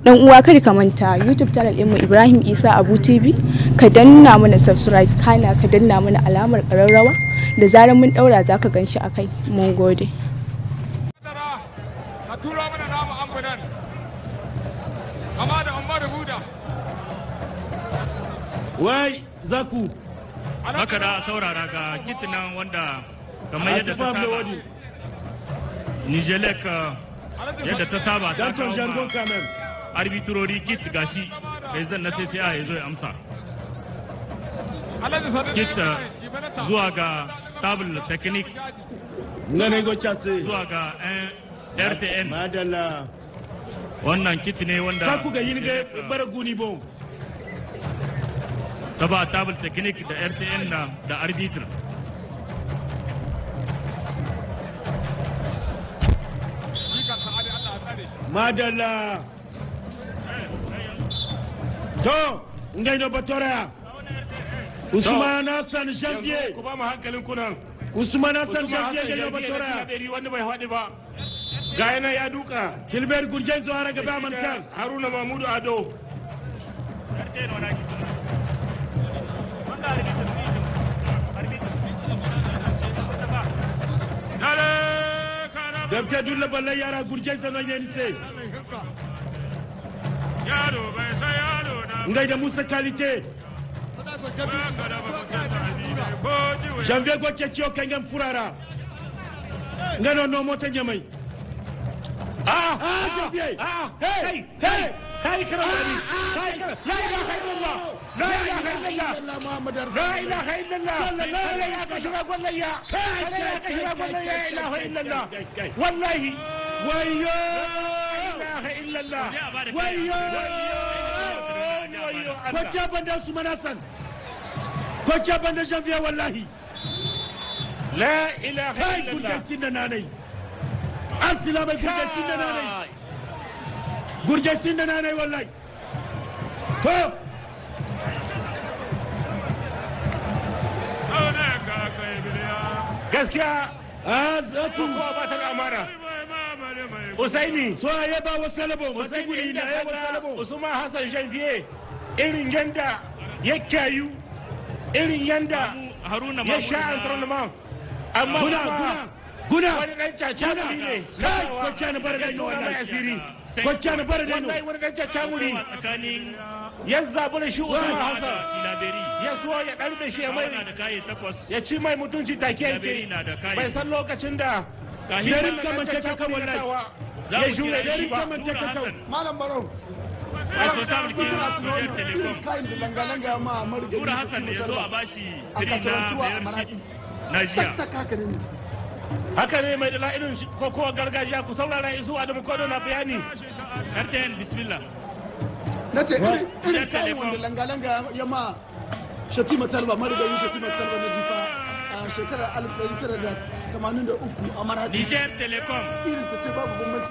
dan uwa kada ka manta youtube channel mu ibrahim isa abu tv ka danna mana subscribe kana ka danna mana alamar kararrawa da zarar mun daura za ka ganshi a kai mun gode wai zaku haka da saurara ga kitinan wanda kamar yadda ta saba nijelek yadda ta saba ta kawo arbitrori kit gashi president na CCA ya zo ya amsa kit eh, zuwa ga tabul technic zuwa ga eh, rtn madalla wannan kit ne wanda sa ku ga yilga bara guni bon taba ba tabul technic da rtn na da arbitr madalla to ngai batora usman hassan janvier ku ba mu hankalin kunan usman hassan janvier ngai da wanda bai haɗi ba ga ya duka tilber gurje zuwa gaba man kan haruna mahmudu ado dabta dulla balla yara gurje sanan yani se yaro bai ngai da musa kalite janvier gocce ciyo kangem furara ngano nomota ñamay aha kwanciya banda su manasan kwanciya banda janvier wallahi la ilaha kai gurjasin da nanai an silamai gurjasin da nanai gurjasin da nanai wallahi to gaskiya a ah, zakun kowa ba ta da usaini so ya ba wasu salabo na ya wasu salabo usman irin yanda ya kyayu irin yanda ya sha antronement amma guna guna wani dan cacamuri ne sai kwakiya na bar dai wannan asiri na bar dai wani dan cacamuri ya zabi da shi Usman Hassan ya so ya dar da shi ya mai ya ci mai mutunci take yake bai san lokacin da yarin kamar ta kan wallahi ya jure da shi ba malam barau responsable ke Project Telecom. Nura Hassan ne ya zo a bashi tiri na mayorship na jiya. Haka ne mai dala irin kokowar gargajiya ku saurara isu Adamu Kodo na bayani. RTN bismillah. Na ce irin kayan wanda langa ya ma Shatima Talba marigayin Shatima Talba na difa a shekarar 1983 a marhadi. Niger Telecom. Irin ku ce babu bambanci.